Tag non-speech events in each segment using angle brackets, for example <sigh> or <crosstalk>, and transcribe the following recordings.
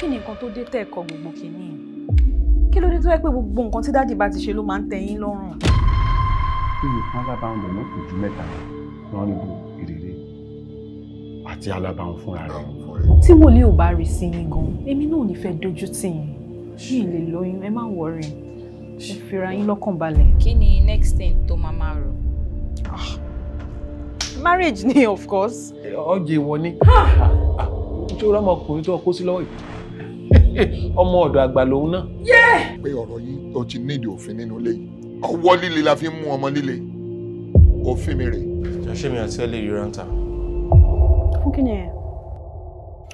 kí ni nǹkan tó dé tẹ́ ẹ̀kọ́ gbogbo kìíní kí ló dé tó yẹ pé gbogbo nǹkan tí dáàdì bá ti ṣe ló máa ń tẹ́ yín lọ́rùn. iye kan alábàáhùn lọ́nà kò ju mẹ́ta lọ́rìnbó ìrèrè àti alábàáhùn fúnra rẹ̀. tí wòlíì ò bá rí sí yín gan èmi náà ò ní fẹ́ dojú tì yín mi ì lè lóyún ẹ má wọrí ẹ fira yín lọ́kàn balẹ̀. kí ni next thing tó máa máa rò. Ah, marriage ni of course. ọjọ́ ìwọ ni ṣé o rọ́mọkùnrin tó kó sí lọ́wọ́ yìí. <laughs> ọmọ ọ̀dọ̀ àgbà lòun náà. pé ọ̀rọ̀ yìí ó ti nídìí òfin nínú ilé yìí ọwọ́ líle la fi ń mú ọmọ líle òfin mi rè. ṣàṣẹ mi àti ẹlẹ́yìí rántà. fún kí ni ẹ.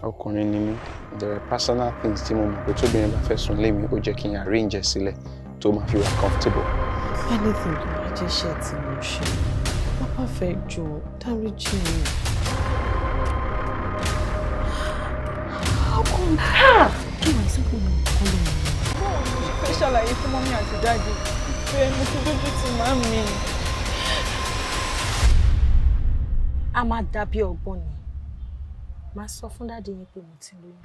ọkùnrin ni mí there are personal things tí mo mọ̀ pé tóbìnrin bá fẹ́ sùn lé mi ó jẹ́ kí n arrange ẹ̀ sílẹ̀ tó máa fi wà comfortable. anything tó bá jẹ́ iṣẹ́ tí mo ṣe pápá fẹ́ jọ dáríjì mi. ṣàlàyé fún mọ́mí àti dáàdì pé mo ti dójú ti máa mi. a máa dàbí ọgbọ́n ni màá sọ fún dáàdì yẹn pé mo ti lóyún.